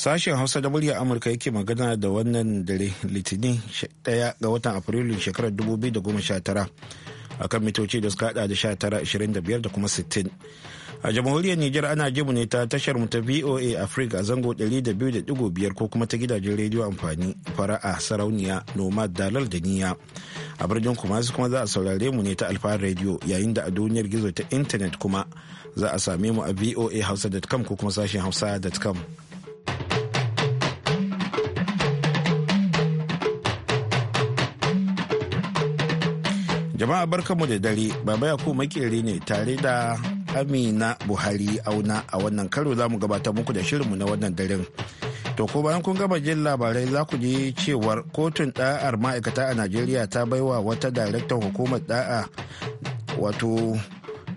Sashen Hausa da murya Amurka yake magana da wannan dare Litinin daya ga watan Afrilun shekarar 2019 akan mitoci da suka hada da 1925 da kuma 60. A jamhuriyar Nijar ana jimu ne ta tashar mu ta VOA Africa a zango 200.5 ko kuma ta gidajen rediyo amfani fara'a sarauniya nomad dalar da niya. A birnin kuma kuma za a saurare mu ne ta alfa rediyo yayin da a duniyar gizo ta intanet kuma za a same mu a voahausa.com ko kuma sashen hausa.com. Jama'a barkanmu da dare, Baba Yakubu makere ne tare da Amina Buhari auna a wannan karo za mu gabatar muku da shirinmu na wannan daren. To ko bayan kun gama jin labarai za ku ji cewar kotun ɗa'ar ma'aikata a Najeriya ta baiwa wata daraktan hukumar da'a wato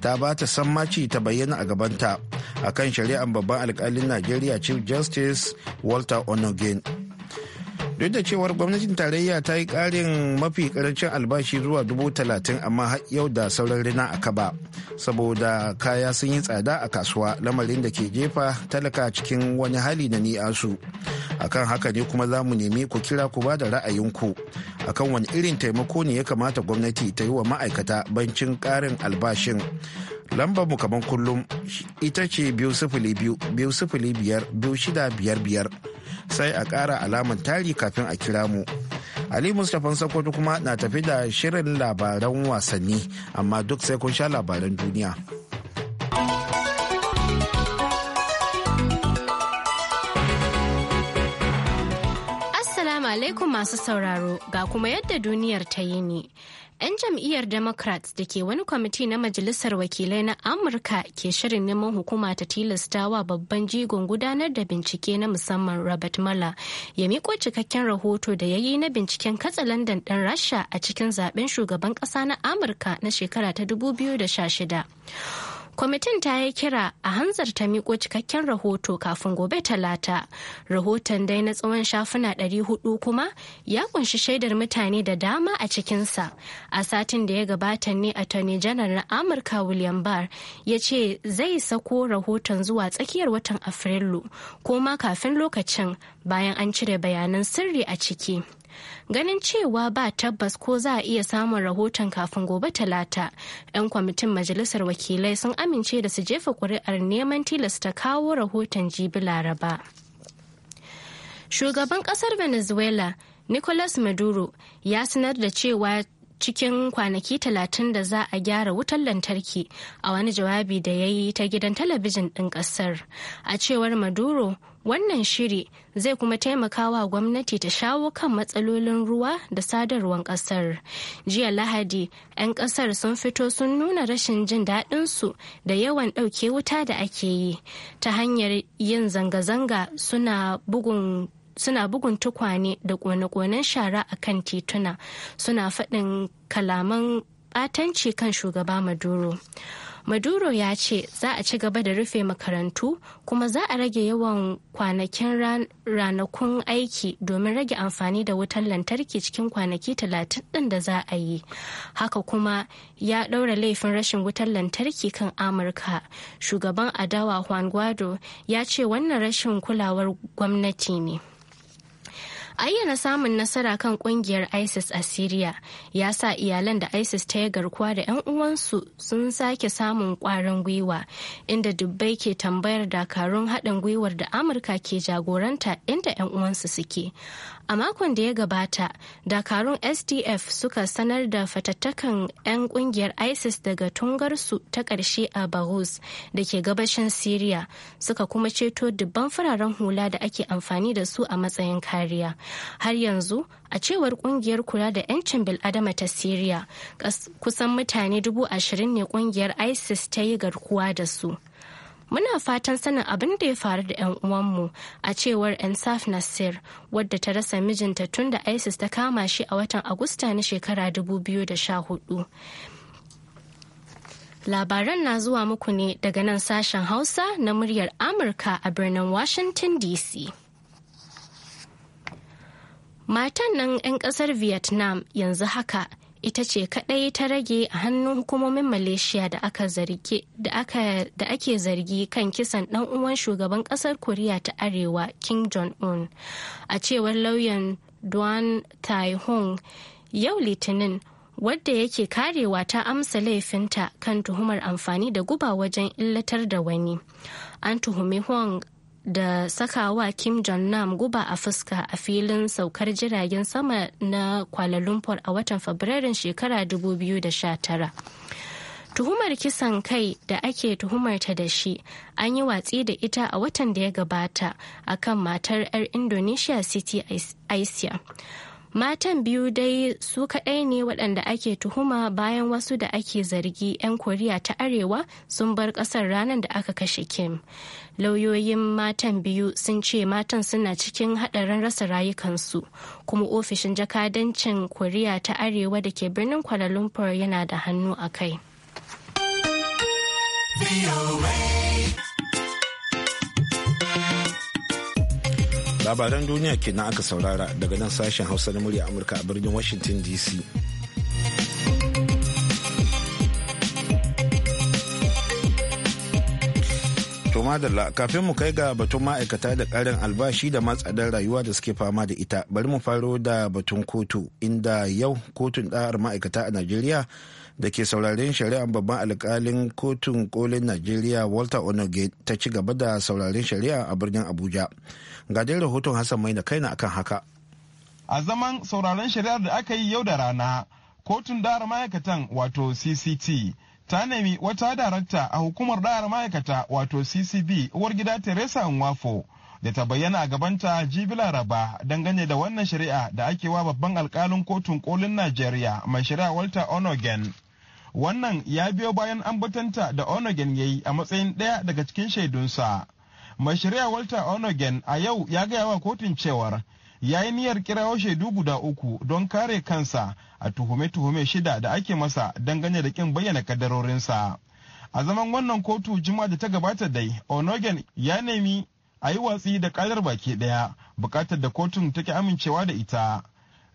ta ba ta sammaci ta bayyana a gabanta akan shari'ar babban alkalin Najeriya Chief Justice Walter Onogen. duk da cewar gwamnatin tarayya ta yi karin mafi karancin albashi zuwa dubu talatin amma yau da sauran rina a kaba saboda kaya sun yi tsada a kasuwa lamarin da ke jefa talaka cikin wani hali na ni'asu akan haka ne kuma za mu nemi ku kira ku ba da ra'ayinku akan wani irin taimako ne ya kamata gwamnati ta yi wa ma'aikata bancin karin albashin lambar mu kaman kullum ita ce biyu sifili biyu biyu sifili biyar biyu shida biyar biyar sai a ƙara alamar tari kafin a kira mu. Ali Mustapha Sokoto kuma na tafi da shirin labaran wasanni amma duk sai kun sha labaran duniya. Assalamu alaikum masu sauraro ga kuma yadda duniyar ta yi ne. 'Yan jam'iyyar Democrats da ke wani kwamiti na Majalisar Wakilai na Amurka ke shirin neman hukuma ta tilasta wa babban jigon gudanar da bincike na musamman Robert Mueller ya miko cikakken rahoto da ya yi na binciken katsalandan ɗan Rasha a cikin zaben shugaban ƙasa na Amurka na shekara ta 2016. kwamitin ta yi kira a hanzarta miko cikakken rahoto kafin gobe talata rahoton dai na tsawon shafuna ɗari 400 kuma ya kunshi shaidar mutane da dama a cikinsa a satin da ya gabata ne attorney janar na amurka william barr ya ce zai sako rahoton zuwa tsakiyar watan afrilu ko ma kafin lokacin bayan an cire bayanan sirri a ciki Ganin cewa ba tabbas ko za a iya samun rahoton kafin gobe talata, 'yan kwamitin majalisar wakilai sun amince da su jefa kuri'ar neman tilasta kawo rahoton jibi laraba. Shugaban ƙasar Venezuela, Nicolas Maduro, ya sanar da cewa cikin kwanaki talatin da za a gyara wutar lantarki a wani jawabi da ya yi ta gidan talabijin ɗin ƙasar. A cewar Maduro, Wannan shiri zai kuma taimaka wa gwamnati ta shawo kan matsalolin ruwa da sadarwar ƙasar. Jiya Lahadi, 'yan ƙasar sun fito sun nuna rashin jin daɗinsu da yawan ɗauke wuta da ake yi ta hanyar yin zanga-zanga suna bugun suna bugun tukwane da ƙone konen shara a kan tituna suna faɗin kalaman ɓatanci kan shugaba maduro maduro ya ce za a ci gaba da rufe makarantu kuma za a rage yawan kwanakin ranakun aiki domin rage amfani da wutar lantarki cikin kwanaki talatin ɗin da za a yi haka kuma ya ɗaura laifin rashin wutar lantarki kan amurka shugaban adawa juan guado ya ce wannan rashin kulawar gwamnati ne ayyana samun nasara kan kungiyar isis a syria ya sa iyalan da isis ta yi garkuwa da 'yan uwansu sun sake samun kwarin gwiwa inda dubbai ke tambayar dakarun haɗin gwiwar da amurka ke jagoranta inda 'yan uwansu suke A makon da ya gabata, dakarun SDF suka sanar da fatattakan 'yan kungiyar ISIS daga tungarsu ta ƙarshe a Bahus da ke gabashin Siriya suka kuma ceto dubban fararen hula da ake amfani da su a matsayin kariya. Har yanzu, a cewar kungiyar kula da 'yancin bil'adama ta Siriya, kusan mutane dubu ashirin ne kungiyar ISIS ta yi garkuwa da su. muna fatan sanin abin da ya faru da 'yan uwanmu a cewar ensaf nasir wadda ta rasa mijinta tun da isis ta kama shi a watan agusta na shekara 2014 labaran na zuwa muku ne daga nan sashen hausa na muryar amurka a birnin washington dc matan nan 'yan kasar vietnam yanzu haka ita ce kadai ta rage a hannun hukumomin malaysia da aka zargi da ake zargi kan kisan dan uwan shugaban kasar koriya ta arewa kim jong-un a cewar lauyan duan tai hong yau litinin wadda yake karewa ta amsa laifinta kan tuhumar amfani da guba wajen illatar da wani an tuhumi huang da sakawa Kim Jong-nam guba a fuska a filin saukar jiragen sama na Kuala Lumpur a watan Fabrairun shekara 2019. Tuhumar kisan kai da ake tuhumarta da shi an yi watsi da ita a watan da ya gabata a kan matar 'yar Indonesia City Asia. Matan biyu dai su kaɗai ne waɗanda ake tuhuma bayan wasu da ake zargi 'yan Koriya ta Arewa sun bar ƙasar ranar da aka kashe Kim. Lauyoyin matan biyu sun ce matan suna cikin haɗarin rasa rayukansu, kuma ofishin jakadancin Koriya ta Arewa da ke birnin Kuala Lumpur yana da hannu a kai. labaran duniya kenan aka saurara daga nan sashen hausa na murya amurka a birnin washington dc to madalla kafin mu kai ga batun ma'aikata da karin albashi da matsadar rayuwa da suke fama da ita bari mu faro da batun kotu inda yau kotun ɗa'ar ma'aikata a najeriya da ke sauraren shari'ar babban alkalin kotun kolin najeriya walter onoge ta ci gaba da sauraren shari'a a birnin abuja ga dai rahoton hassan mai na kaina akan haka a zaman sauraren shari'ar da aka yi yau da rana kotun dara ma'aikatan wato cct ta nemi wata darakta a hukumar dara ma'aikata wato ccb uwar gida teresa nwafo da ta bayyana a gabanta jibi laraba dangane da wannan shari'a da ake wa babban alkalin kotun kolin najeriya mai shari'a walter onogen wannan ya biyo bayan an batanta da onogen ya yi a matsayin ɗaya daga cikin shaidunsa mai shari'a walter onogen a yau ya gaya wa kotun cewar ya yi niyyar kirawo shaidu guda uku don kare kansa a tuhume-tuhume shida da ake masa dangane da kin bayyana kadarorinsa a zaman wannan kotu juma'a da ta gabata dai onogen ya nemi a yi watsi da kalar baki daya bukatar da kotun take amincewa da ita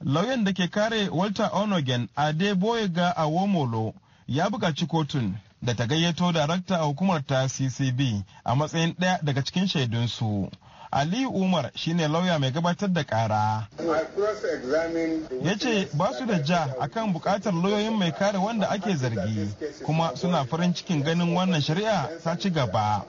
lauyan da ke kare walter onogen a a awomolo ya buƙaci kotun da ta gayyato darakta a hukumar ta ccb a matsayin ɗaya daga cikin shaidunsu Ali Umar shi ne lauya mai gabatar da ƙara. Ya ce ba su da ja akan buƙatar lauyoyin mai kare wanda ake zargi kuma suna farin cikin ganin wannan shari'a ta ci gaba.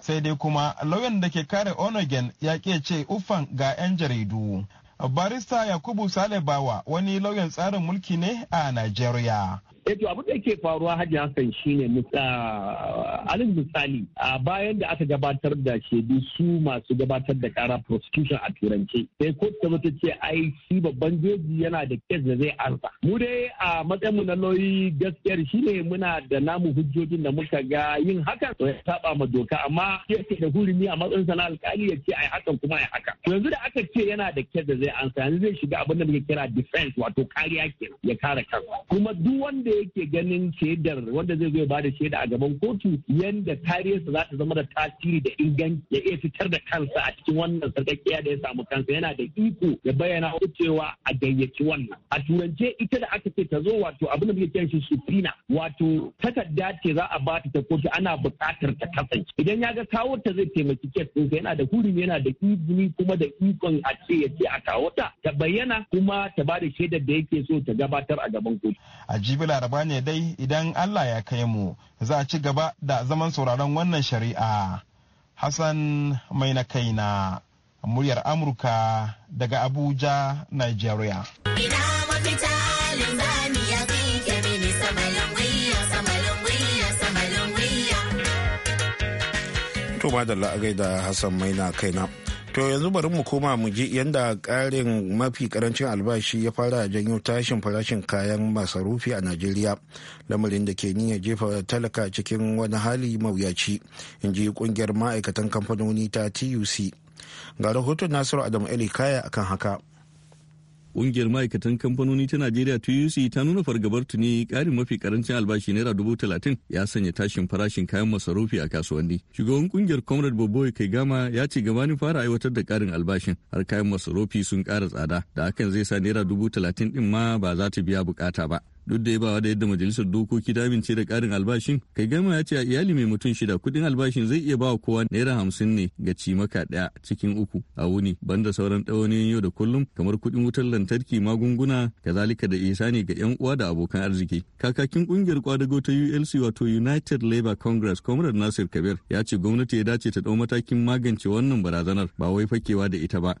Sai dai kuma lauyan da ke kare Onogen ya ke ce uffan ga 'yan jaridu. Barista Yakubu Salebawa wani lauyan tsarin mulki ne a Najeriya. eh abin da yake faruwa hajji hassan shine ah, alin misali a bayan da aka gabatar da shaidu su masu gabatar da kara prosecution a turance sai ko ta mutu ce ai shi babban jeji yana da kes da zai ansa mu dai a matsayin mu na lauyi gaskiyar shine muna da namu hujjojin da muka ga yin haka. to ya saba ma doka amma yake da hurumi a matsayin sa na alkali ya ce ai hakan kuma ai haka yanzu da aka ce yana da kes da zai ansa yanzu zai shiga abin da muke kira defense wato kariya ke ya kare kansa kuma duk wanda yake ganin shaidar wanda zai zo ba da shaida a gaban kotu yadda kariyarsa za ta zama da tasiri da inganci ya iya fitar da kansa a cikin wannan sarkakkiya da ya samu kansa yana da iko ya bayyana cewa a gayyaci wannan a turance ita da aka ce ta zo wato abin da muke kiran shi subpoena wato takarda ce za a ba ta ta kotu ana buƙatar ta kasance idan ya ga kawo ta zai taimaki kes ɗinsa yana da hurumi yana da izini kuma da ikon a ce ya ce a kawo ta ta bayyana kuma ta ba da shaidar da yake so ta gabatar a gaban kotu a jibila laraba ne dai idan Allah ya kai mu za a ci gaba da zaman sauraron wannan shari'a. Hassan mai na kaina muryar Amurka daga Abuja, Nigeria. To da la'agai da Hassan mai na kaina. To yanzu bari mu koma mu ji yadda ƙarin mafi ƙarancin albashi ya fara janyo tashin farashin kayan masarufi a Najeriya. Lamarin da ke niyyar jefa talaka cikin wani hali mawuyaci, in ji kungiyar ma'aikatan kamfanoni ta TUC. Ga rahoton Nasiru Adamu Eli Kaya akan haka. Ƙungiyar ma'aikatan kamfanoni ta Najeriya TUC ta nuna fargabar tuni ƙarin mafi ƙarancin albashi naira dubu talatin ya sanya tashin farashin kayan masarufi a kasuwanni. Shugaban ƙungiyar Comrade Boboy Kai Gama ya ce gabanin fara aiwatar da ƙarin albashin har kayan masarufi sun ƙara tsada da hakan zai sa naira dubu talatin ɗin ma ba za ta biya buƙata ba. duk da ya yabawa da yadda majalisar dokoki ta amince da karin albashin kai gama ya ce a iyali mai mutum shida kudin albashin zai iya bawa kowa naira hamsin ne ga cimaka daya cikin uku a wuni banda sauran ɗawaniyoyin yau da kullum kamar kudin wutar lantarki magunguna kazalika da isa ne ga yan uwa da abokan arziki kakakin kungiyar kwadago ta ulc wato united labour congress comrade nasir kabir ya ce gwamnati ya dace ta dau matakin magance wannan barazanar ba wai fakewa da ita ba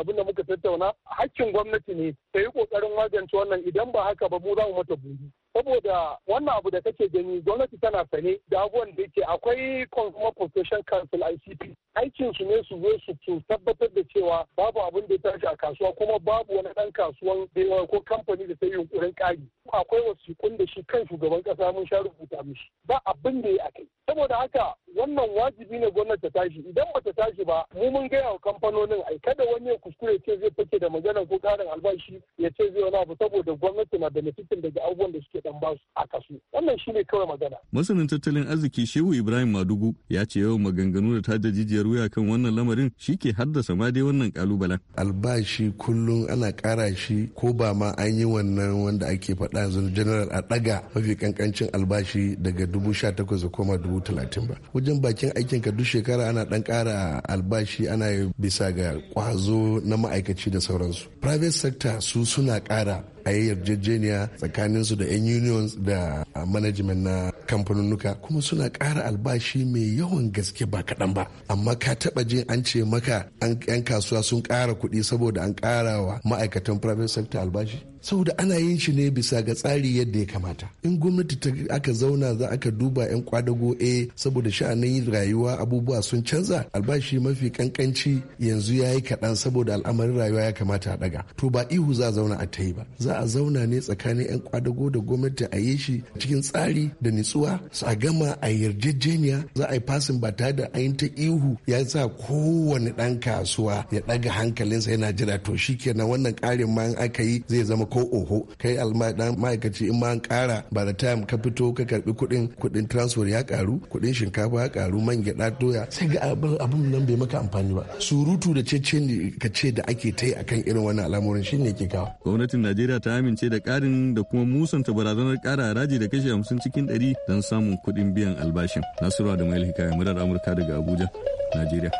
abin da muka tattauna hakkin gwamnati ne ta yi kokarin magance wannan idan ba haka ba mu za mata buri saboda wannan abu da kake gani gwamnati tana sane da abubuwan da yake akwai consumer protection council icp aikin su ne su zo su tabbatar da cewa babu abin da ya tashi a kasuwa kuma babu wani dan kasuwan ko kamfani da ta yi yunkurin ƙari akwai wasu da shi kan shugaban kasa mun sha rubuta mishi ba abin da ya akai saboda haka wannan wajibi ne gwamnati ta tashi idan ba ta tashi ba mu mun gaya wa kamfanonin ai kada wani ya kuskure ce zai fake da magana ko karin albashi ya ce zai wani abu saboda gwamnati na benefitin daga abubuwan da suke dan basu a kasu wannan shi ne kawai magana masanin tattalin arziki shehu ibrahim madugu ya ce yawan maganganu da ta jijiyar da wuya kan wannan lamarin shi ke haddasa ma dai wannan kalubalen. Albashi kullum ana kara shi ko ba ma an yi wannan wanda ake faɗa yanzu general a ɗaga mafi kankancin albashi daga dubu sha takwas da koma dubu talatin ba. Wajen bakin aikin ka duk shekara ana ɗan kara albashi ana bisa ga kwazo na ma'aikaci da sauransu. Private sector su suna kara a yi yarjejeniya tsakaninsu da 'yan unions da uh, management na kamfanunuka kuma suna ƙara albashi mai yawan gaske ba kaɗan ba amma ka taɓa jin an ce maka 'yan kasuwa sun ƙara kuɗi saboda an ƙara wa ma'aikatan private sector albashi saboda ana yin shi ne bisa ga tsari yadda ya kamata in gwamnati ta aka zauna za aka duba yan kwadago a eh, saboda sha'anin rayuwa abubuwa sun canza albashi mafi kankanci yanzu ya yi kaɗan saboda al'amarin rayuwa ya kamata a ɗaga to ba ihu za a zauna a ta yi ba za a zauna ne tsakanin yan kwadago da gwamnati a yi shi cikin tsari da nitsuwa su a gama a yarjejeniya za a yi fasin ba tare da ayin ta ihu ya sa kowane ɗan kasuwa ya ɗaga hankalinsa yana jira to shi kenan wannan ƙarin ma aka yi zai zama ko oho kai dan ma'aikaci in ma an kara ba da time ka fito ka karbi kuɗin kuɗin transfer ya karu kuɗin shinkafa ya karu man gyaɗa doya sai ga abun nan bai maka amfani ba surutu da cece ka ce da ake tai akan irin wannan al'amuran shine ke kawo gwamnatin najeriya ta amince da karin da kuma musanta barazanar kara haraji da kashe hamsin cikin ɗari don samun kuɗin biyan albashin nasiru da mai hikaya murar amurka daga abuja najeriya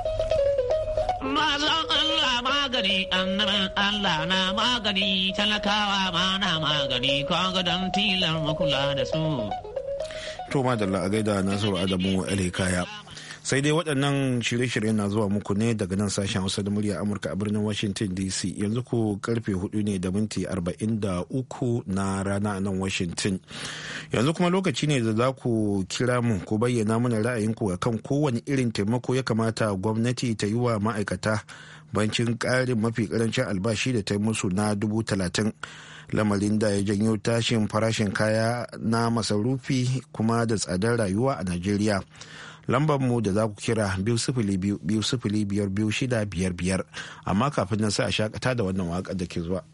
magani annaban Allah na magani talakawa ma na magani kaga don tilar makula da su. To madalla a gaida Nasiru Adamu Alikaya. sai dai waɗannan shirye-shiryen na zuwa muku ne daga nan sashen hausa da murya amurka a birnin washington dc yanzu ku karfe 4 ne da minti arba'in 43 na rana a nan washington yanzu kuma lokaci ne da za ku kira mu ku bayyana mana ra'ayinku a kan kowane irin taimako ya kamata gwamnati ta yi wa ma'aikata bancin karin mafi karancin albashi da ta yi musu na dubu talatin lamarin da ya janyo tashin farashin kaya na masarufi kuma da tsadar rayuwa a najeriya lambar mu da za ku kira biyu sifili biyu sifili biyar biyu shida biyar biyar amma kafin nan sai a shakata da wannan waka da ke zuwa.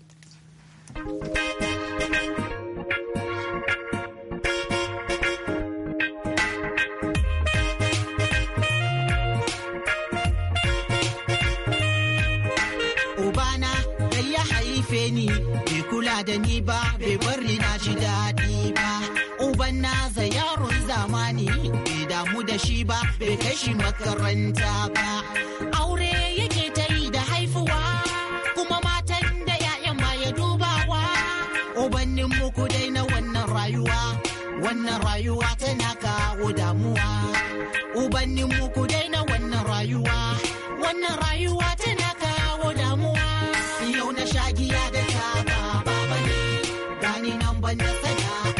shi ba bai kai shi makaranta ba aure yake ta yi da haifuwa kuma matan da ya'yan ma ya dubawa ubannin muku dai na wannan rayuwa wannan rayuwa tana kawo damuwa ubannin muku dai na wannan rayuwa wannan rayuwa tana kawo damuwa yau na shagiya da ta ba ba ne gani nan ban da sadaka.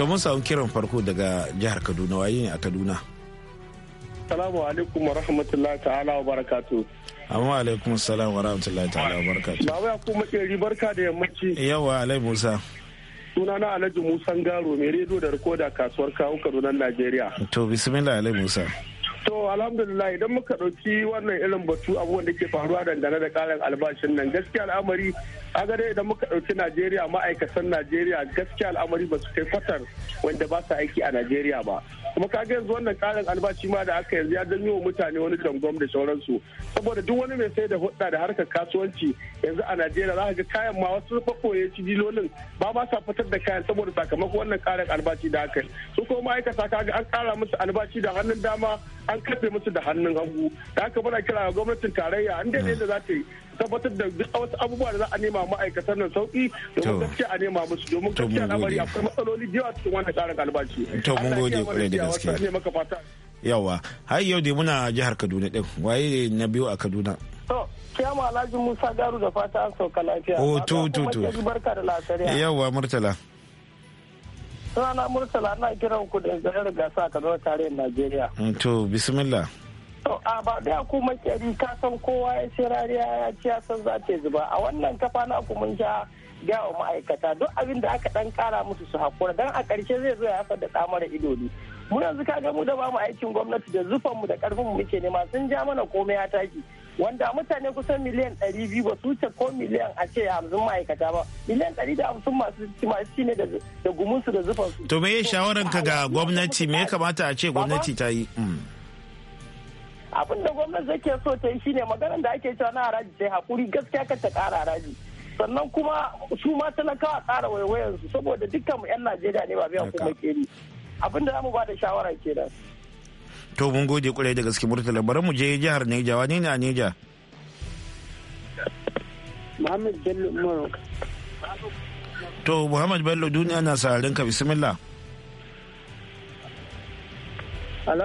to mun samu kiran farko daga jihar kaduna waye ne a kaduna salamu alaikum wa rahmatullahi ta'ala wa barakatu amma alaikum salam wa rahmatullahi ta'ala wa barakatu ba wai ku makeri barka da yammaci yawa alai musa suna na alhaji musa garo mai rediyo da rikoda kasuwar kawo kaduna najeriya to bismillah alai musa To alhamdulillah idan muka ɗauki wannan irin batu abubuwan da ke faruwa dangane da ƙarin albashin nan gaskiya al'amari kaga dai idan muka ɗauki najeriya ma'aikatan najeriya gaskiya al'amari ba su kai fatar wanda ba su aiki a najeriya ba kuma ka kaga yanzu wannan ƙarin albashi ma da aka yanzu ya janyo wa mutane wani dangwam da sauransu saboda duk wani mai sai da hudda da harkar kasuwanci yanzu a najeriya za ka ga kayan ma wasu fafoye ci dilolin ba ba sa fitar da kayan saboda sakamakon wannan ƙarin albashi da aka su ko ma'aikata ka ga an ƙara musu albashi da hannun dama an kafe musu da hannun hagu da aka bana kira gwamnatin tarayya an daidai da za ta yi tabbatar da duk wasu abubuwa da za a nema ma'aikatan nan sauki domin gaskiya a nema musu domin gaskiya bari akwai matsaloli da yawa cikin wannan tsarin albashi. To mun gode kwarai da gaskiya. Yawa har yau dai muna jihar Kaduna din waye na biyu a Kaduna. To kiyama Alhaji Musa Garu da fata an sauka lafiya. Oh to to to. Barka da lafiya. Yawa Murtala. Sana Murtala na kiran ku da gasa a Kaduna tarayyar Najeriya. To bismillah. To a ba da ku makeri ka san kowa ya ce rariya ya ce ya san za ta zuba a wannan kafa na ku mun sha ga ma'aikata duk abin da aka dan kara musu su hakura dan a ƙarshe zai zo ya haifar da tsamara ido ne mu yanzu ka ga mu da bamu aikin gwamnati da zufan mu da karfin mu muke nema sun ja mana komai ya taki wanda mutane kusan miliyan ɗari biyu ba su ce ko miliyan a ce hamsin ma'aikata ba miliyan ɗari da hamsin masu ci ne da gumunsu da zufansu. to me shawaran ka ga gwamnati me ya kamata a ce gwamnati ta yi. Hmm. abin da gwamnati ke so ta yi shine maganar da ake cewa na haraji sai hakuri gaskiya ka ta ƙara haraji sannan kuma su ma talakawa ƙara su saboda dukkan mu 'yan najeriya ne ba biyan kuma keri abin da za mu ba da shawara kenan to mun gode kurai da gaske murtala bari mu je jihar Neja wani ne a Neja Muhammad Bello to Muhammad Bello duniya na sararin ka bismillah Hello?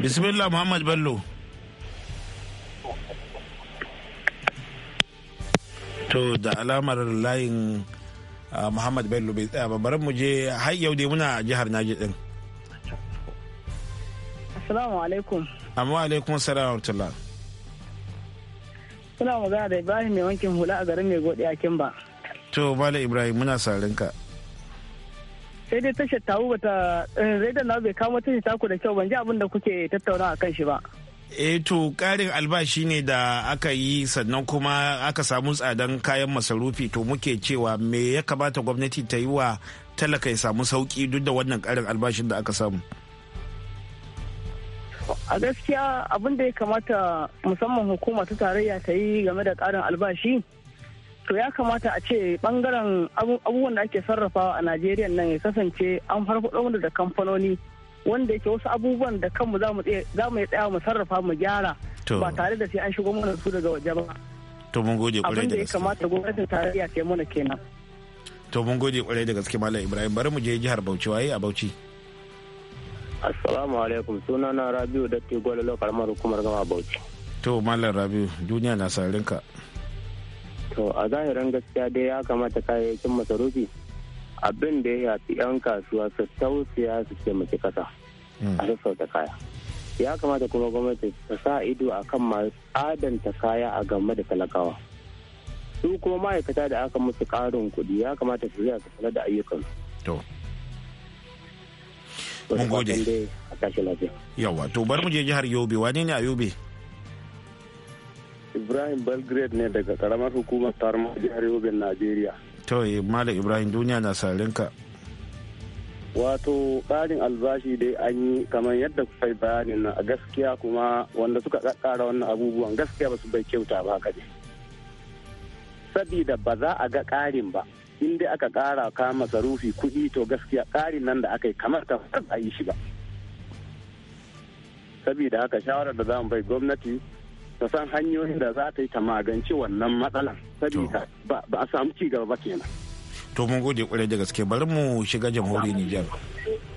Bismillah Muhammad Bello. To da alamar layin ah, Muhammad Bello bai tsaya ba bari mu je har yau dai muna jihar Naji din. Assalamu alaikum. Amma alaikum salam wa rahmatullah. Suna magana da Ibrahim mai wankin hula a garin mai godiya Kimba. To Malam Ibrahim muna sarinka. ka. sai dai tashar hu bata raidan eh, na bai kama tashar taku da kyau ban ji abin da kuke tattauna a kan shi ba e to karin albashi ne da aka yi sannan kuma aka samu tsadan kayan masarufi to muke cewa me ya kamata gwamnati ta yi wa talaka ya samu sauki duk da wannan karin albashin da aka samu a gaskiya abinda ya kamata musamman hukuma ta tarayya ta yi game da karin albashi to ya kamata a ce bangaren abubuwan da ake sarrafawa a najeriya nan ya kasance an farfaɗo da kamfanoni wanda yake wasu abubuwan da kanmu za mu tsaya mu sarrafa mu gyara ba tare da sai an shigo mana su daga waje ba to mun gode kwarai da gaske abin da ya kamata gwamnatin tarayya ta mana kenan to mun gode kwarai da gaske malam ibrahim bari mu je jihar bauchi waye a bauchi assalamu alaikum suna na rabiu datti gwalolo karamar hukumar gama bauchi to malam rabiu duniya na sarinka ka to a zahirin gaskiya dai ya kamata kayayyakin masarufi abin da ya yafi 'yan kasuwa su tausaya su taimaki kasa hmm. a sassauta kaya ya kamata kuma gwamnati ta sa ido a kan masu adanta kaya a game da talakawa su kuma ma'aikata da aka musu karin kuɗi ya kamata su zuwa su kula da ayyukan to mun gode yawa to bar mu je jihar yobe wani ne a yobe Ibrahim Belgrade ne daga karamar hukumar tarmar jihar Yobin Najeriya. To eh, Malam Ibrahim duniya na sarin ka. Wato ƙarin albashi dai an yi kamar yadda kuka yi bayanin na gaskiya kuma wanda suka kara wannan abubuwan gaskiya ba su bai kyauta ba haka Sabida ba za a ga karin ba. in dai aka kara ka masarufi kuɗi to gaskiya ƙarin nan da aka yi kamar ta a yi shi ba. Sabida haka shawarar da za mu bai gwamnati ta san hanyoyin da za ta yi ta magance wannan matsalar. saboda ba a samu ci gaba ba kenan to mun gode kwarai da gaske bari mu shiga jamhuriyar Nijar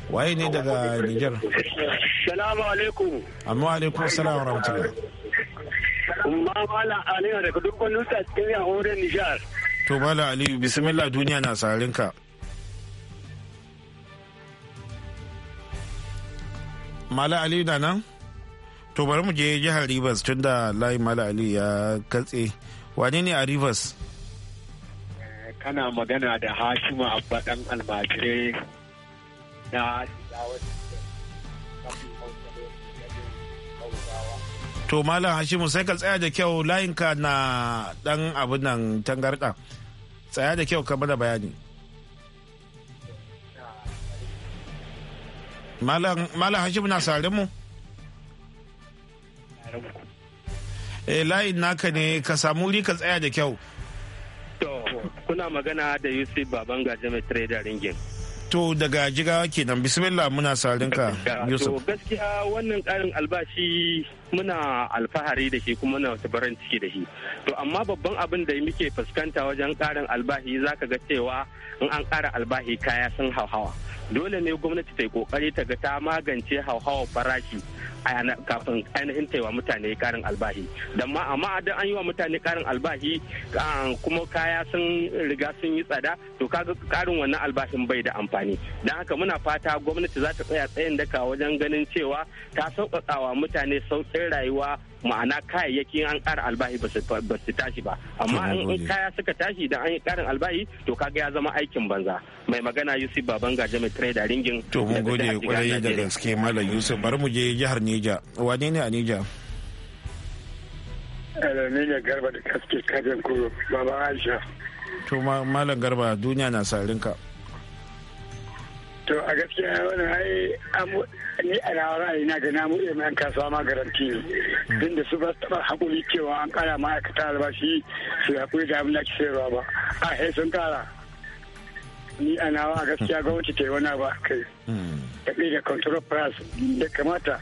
waye ne daga Nijar salamu alaikum amma alaikum salam rahmatullah umma mala aliyu daga dukkan nusa cikin jamhuriyar Nijar to mala aliyu bismillah duniya na sarin ka mala ali na nan to bari mu je jihar rivers tun da layi mala ali ya katse wane ne a rivers kana magana da hashima abba dan almajire na to malam hashimu sai ka tsaya da kyau layinka na dan abin nan tangarda tsaya da kyau ka da bayani malam hashimu na sare mu eh layin naka ne ka samu wuri ka tsaya da kyau to kuna magana da yusuf baban mai trader ringin to daga jigawa kenan bismillah muna sarinka yusuf to gaskiya wannan karin albashi muna alfahari da shi kuma na tabaran ciki da shi to amma babban abin da muke fuskanta wajen karin albahi zaka ga cewa in an kara albahi kaya sun hauhawa dole ne gwamnati ta yi kokari ta ga ta magance hauhawa farashi kafin ainihin ta yi wa mutane karin albahi don ma amma don an yi wa mutane karin albahi ah, kuma kaya sun riga sun yi tsada to kaga karin wannan albashin bai da amfani don haka muna fata gwamnati za ta tsaya tsayin daka wajen ganin cewa ta sauƙaƙa wa mutane sauƙi tsadar rayuwa ma'ana kayayyakin an ƙara albahi ba su tashi ba amma in kaya suka tashi idan an yi ƙarin albahi to kaga ya zama aikin banza mai magana yusuf baban gaje mai trader ringin to mun gode kwarai da gaske malam yusuf bari mu je jihar neja wane ne a neja ne ne garba da kaske kajen kuro baba aisha to malam garba duniya na sarinka to a gaskiya wani ai ni a na ra'ayi na ga namu iya mayan kasuwa ma garanti ne din hmm. da su ba taɓa haƙuri cewa an ƙara ma'aikata albashi su haƙuri da abinda da ake sayarwa ba a he sun ƙara ni a nawa a gaskiya gwamnati ta yi wani ba kai da hmm. ɗaya da control price da kamata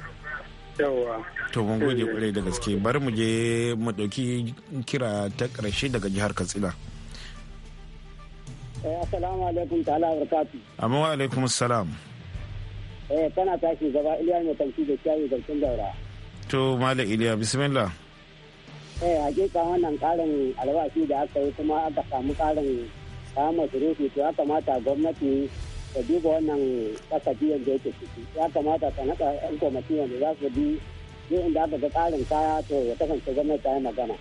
yawa to mun gode kwarai eh. da gaske bari mu je mu ɗauki kira ta ƙarshe daga jihar katsina. Eh, assalamu alaikum ta'ala barkatu. Amma wa alaikum salam. Eh kana tashi gaba Iliya mai kanti da kiyaye garkin daura. To Malam Iliya bismillah. Eh hakika wannan karin albashi da aka yi kuma aka samu karin kayan masurufi to ya kamata gwamnati ta duba wannan kasafi yadda yake ciki ya kamata ta naɗa 'yan kwamati wanda za su bi yi inda aka ga karin kaya to ya kasance gwamnati ta yi magana.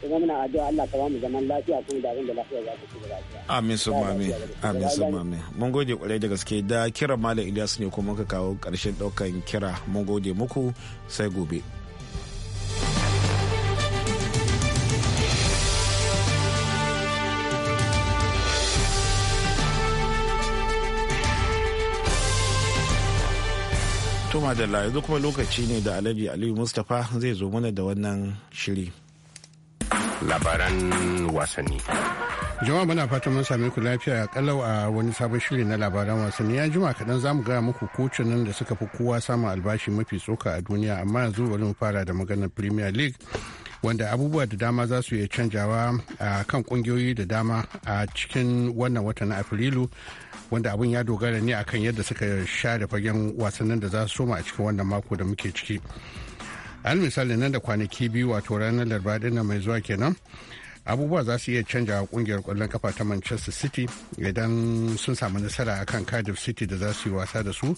kuma muna addu'a Allah zaman lafiya da amin sun mame amin sun mame mun gode kwarai da gaske da kiran malam Ilyas ne kuma ka kawo karshen daukan kira mun gode muku sai gobe Tuma da yanzu kuma lokaci ne da Alhaji Aliyu Mustapha zai zo mana da wannan shiri. labaran wasanni. Jama'a muna fatan mun same ku lafiya a kalau a wani sabon shiri na labaran wasanni ya jima kaɗan za mu gaya muku kocinan da suka fi kowa samun albashi mafi tsoka a duniya amma yanzu bari mu fara da maganar Premier League wanda abubuwa da dama za su iya canjawa a kan kungiyoyi da dama a cikin wannan watan na Afrilu wanda abun ya dogara ne akan yadda suka share fagen wasannin da za su soma a cikin wannan mako da muke ciki. al misali nan da kwanaki biyu wato ranar laraba na mai zuwa kenan abubuwa za su iya canja a kungiyar kwallon kafa ta manchester city idan sun samu nasara akan cardiff city da za su yi wasa da su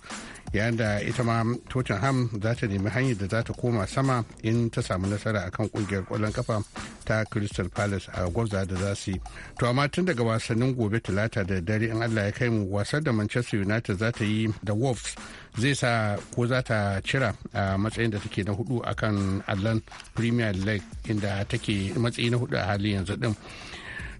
yayin da ita ma tottenham za ta nemi hanyar da za ta koma sama in ta samu nasara akan kungiyar kwallon kafa ta crystal palace a gwabza da za su yi to amma tun daga wasannin gobe talata da dare in allah ya kai mu wasar da manchester united za ta yi da wolves zai sa ko za ta cira a matsayin da take na hudu kan allon premier league inda take matsayi na hudu a hali yanzu din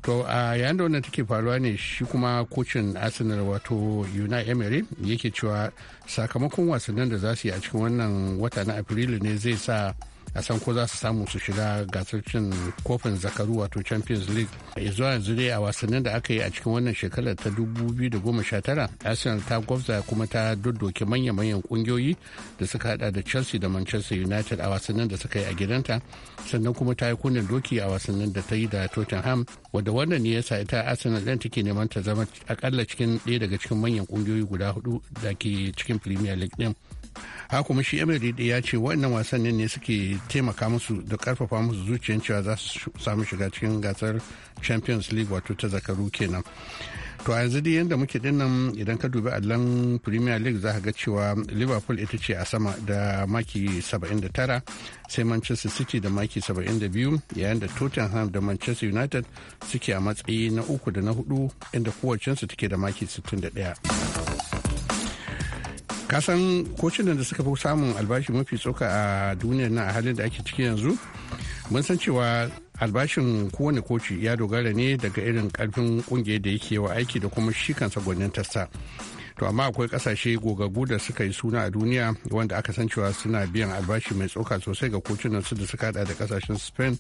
to a yayin da wannan take faruwa ne shi kuma kocin arsenal wato una emery yake cewa sakamakon wasannin da za su yi a cikin wannan wata na afrilu ne zai sa a san ko za su samu su shiga gasar cin kofin zakaru wato champions league zuwa yanzu dai a wasannin da aka yi a cikin wannan shekarar ta 2019 arsenal ta gwabza kuma ta doddoke manya-manyan kungiyoyi da suka hada da chelsea da manchester united a wasannin da suka yi a gidanta sannan kuma ta yi kunin doki a wasannin da ta yi da tottenham wadda wannan ne ya sa ita arsenal ɗin take neman ta zama akalla cikin ɗaya daga cikin manyan kungiyoyi guda hudu da ke cikin premier league ɗin. kuma shi emery ya ce wannan wasannin ne suke taimaka musu da karfafa musu zuciyan cewa za su samu shiga cikin gasar champions league wato ta zakaru kenan to yanzu dai yadda muke dinnan idan ka dubi allon premier league za ka ga cewa liverpool ita ce a sama da maki 79 sai manchester city da maki 72 yayin da tottenham da manchester united suke a matsayi na uku da na hudu inda kowacensu take da maki 61 kasan kocinan da suka fi samun albashi mafi tsoka a duniya na a halin da ake ciki yanzu mun san cewa albashin kowane koci ya dogara ne daga irin karfin kungiyar da yake wa aiki da kuma shi kansa gwanin tasta to amma akwai kasashe gogaggu da suka yi suna a duniya wanda aka san cewa suna biyan albashi mai tsoka sosai ga kocinan su da suka hada da kasashen spain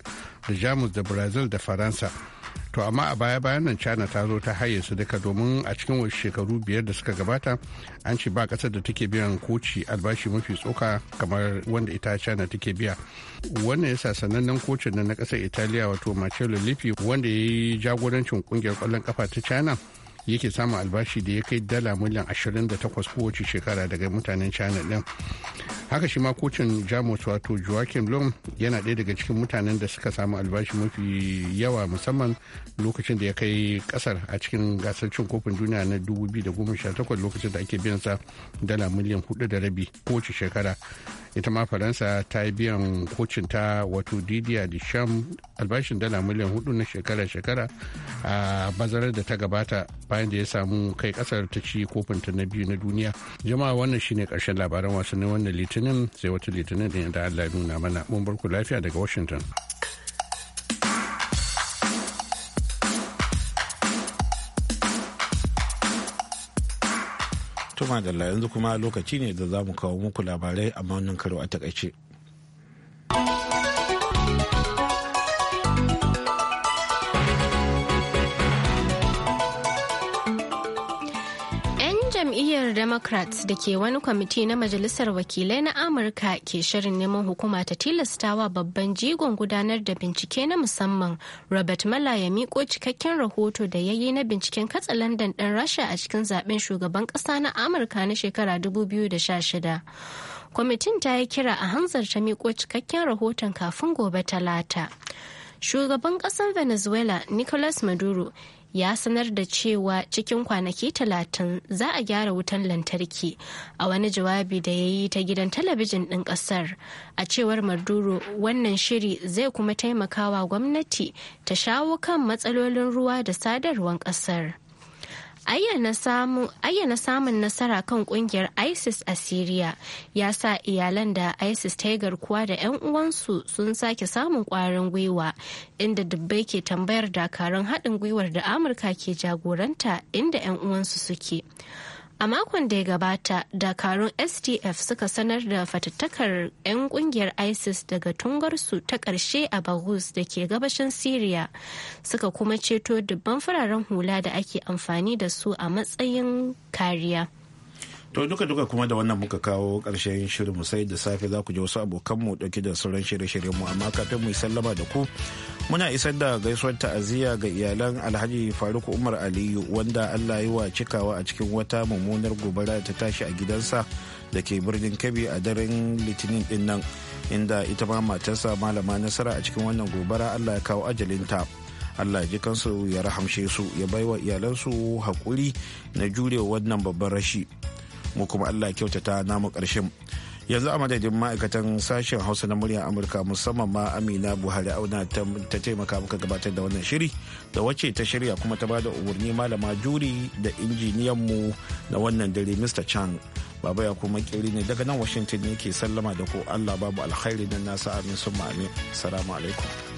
da jamus da brazil da faransa to amma a baya bayan nan china ta zo ta haye su duka domin a cikin wasu shekaru biyar da suka gabata an ce ba kasar da take biyan koci albashi mafi tsoka kamar wanda ita china take biya wannan yasa sanannen kocin na kasar italiya wato marcello lippi wanda ya yi jagorancin kungiyar kwallon kafa ta china yake samun albashi da ya kai dala miliyan 28 kowace shekara daga mutanen china din haka shi ma kocin jamus wato joachim lom yana ɗaya daga cikin mutanen da suka samu albashi mafi yawa musamman lokacin da ya kai kasar a cikin gasar cin kofin duniya na 2018 lokacin da ake biyan sa dala miliyan 4.5 rabi kowace shekara ita ma faransa ta yi biyan kocin ta wato didier deschamps albashin dala miliyan 4 na shekara-shekara a bazarar da ta gabata bayan da ya samu kai kasar ta ci kofinta na biyu na duniya jama'a wannan shine karshen labaran wasannin wannan litinin sai wata litinin din da allah nuna mana mun barku lafiya daga washington tuma da yanzu kuma lokaci ne da za mu kawo muku labarai a wannan karo a takaice democrats da ke wani kwamiti na majalisar wakilai na amurka ke shirin neman hukuma ta tilastawa babban jigon gudanar da bincike na musamman robert mala ya miko cikakken rahoto da ya yi na binciken katsalandan ɗan rasha a cikin zaben shugaban ƙasa na amurka na shekara 2016 kwamitin ta yi kira a hanzarta miko cikakken rahoton kafin gobe talata shugaban ƙasar venezuela nicolas maduro ya sanar da cewa cikin kwanaki talatin za a gyara wutan lantarki a wani jawabi da ya yi ta gidan talabijin ɗin ƙasar a cewar maduro wannan shiri zai kuma taimakawa gwamnati ta shawo kan matsalolin ruwa da sadarwar ƙasar ayyana samun nasara kan kungiyar isis a syria ya sa iyalan da isis ta yi garkuwa da 'yan uwansu sun sake samun kwarin gwiwa inda dubbai ke tambayar dakarun haɗin gwiwar da amurka ke jagoranta inda 'yan uwansu suke A makon da ya gabata, dakarun STF suka sanar da fatattakar 'yan kungiyar ISIS daga tungarsu ta ƙarshe a Baghuz da ke gabashin Siriya, suka kuma ceto dubban fararen hula da ake amfani da su a matsayin kariya. To duka duka kuma da wannan muka kawo ƙarshen shirin mu sai da safe za ku ji wasu abokanmu mu dauke da sauran shirye-shiryen mu amma kafin mu sallama da ku muna isar da gaisuwar ta'aziyya ga iyalan Alhaji Faruk Umar Aliyu wanda Allah ya wa cikawa a cikin wata mummunar gobara ta tashi a gidansa da ke birnin Kebbi a daren Litinin din nan inda ita ma matarsa malama Nasara a cikin wannan gobara Allah ya kawo ajalinta. Allah ji kansu ya rahamshe su ya baiwa iyalansu haƙuri na jurewa wannan babban rashi. mu kuma allah kyautata namu ƙarshen yanzu a madadin ma'aikatan sashen hausa na muryar amurka musamman ma amina buhari auna ta taimaka muka gabatar da wannan shiri da wacce ta shirya kuma ta bada umarni malama juri da injiniyan mu na wannan dare mr chang baba ya kuma kiri ne daga nan washington yake sallama da ku allah babu alkhairi na nasa amin sun amin Assalamu alaikum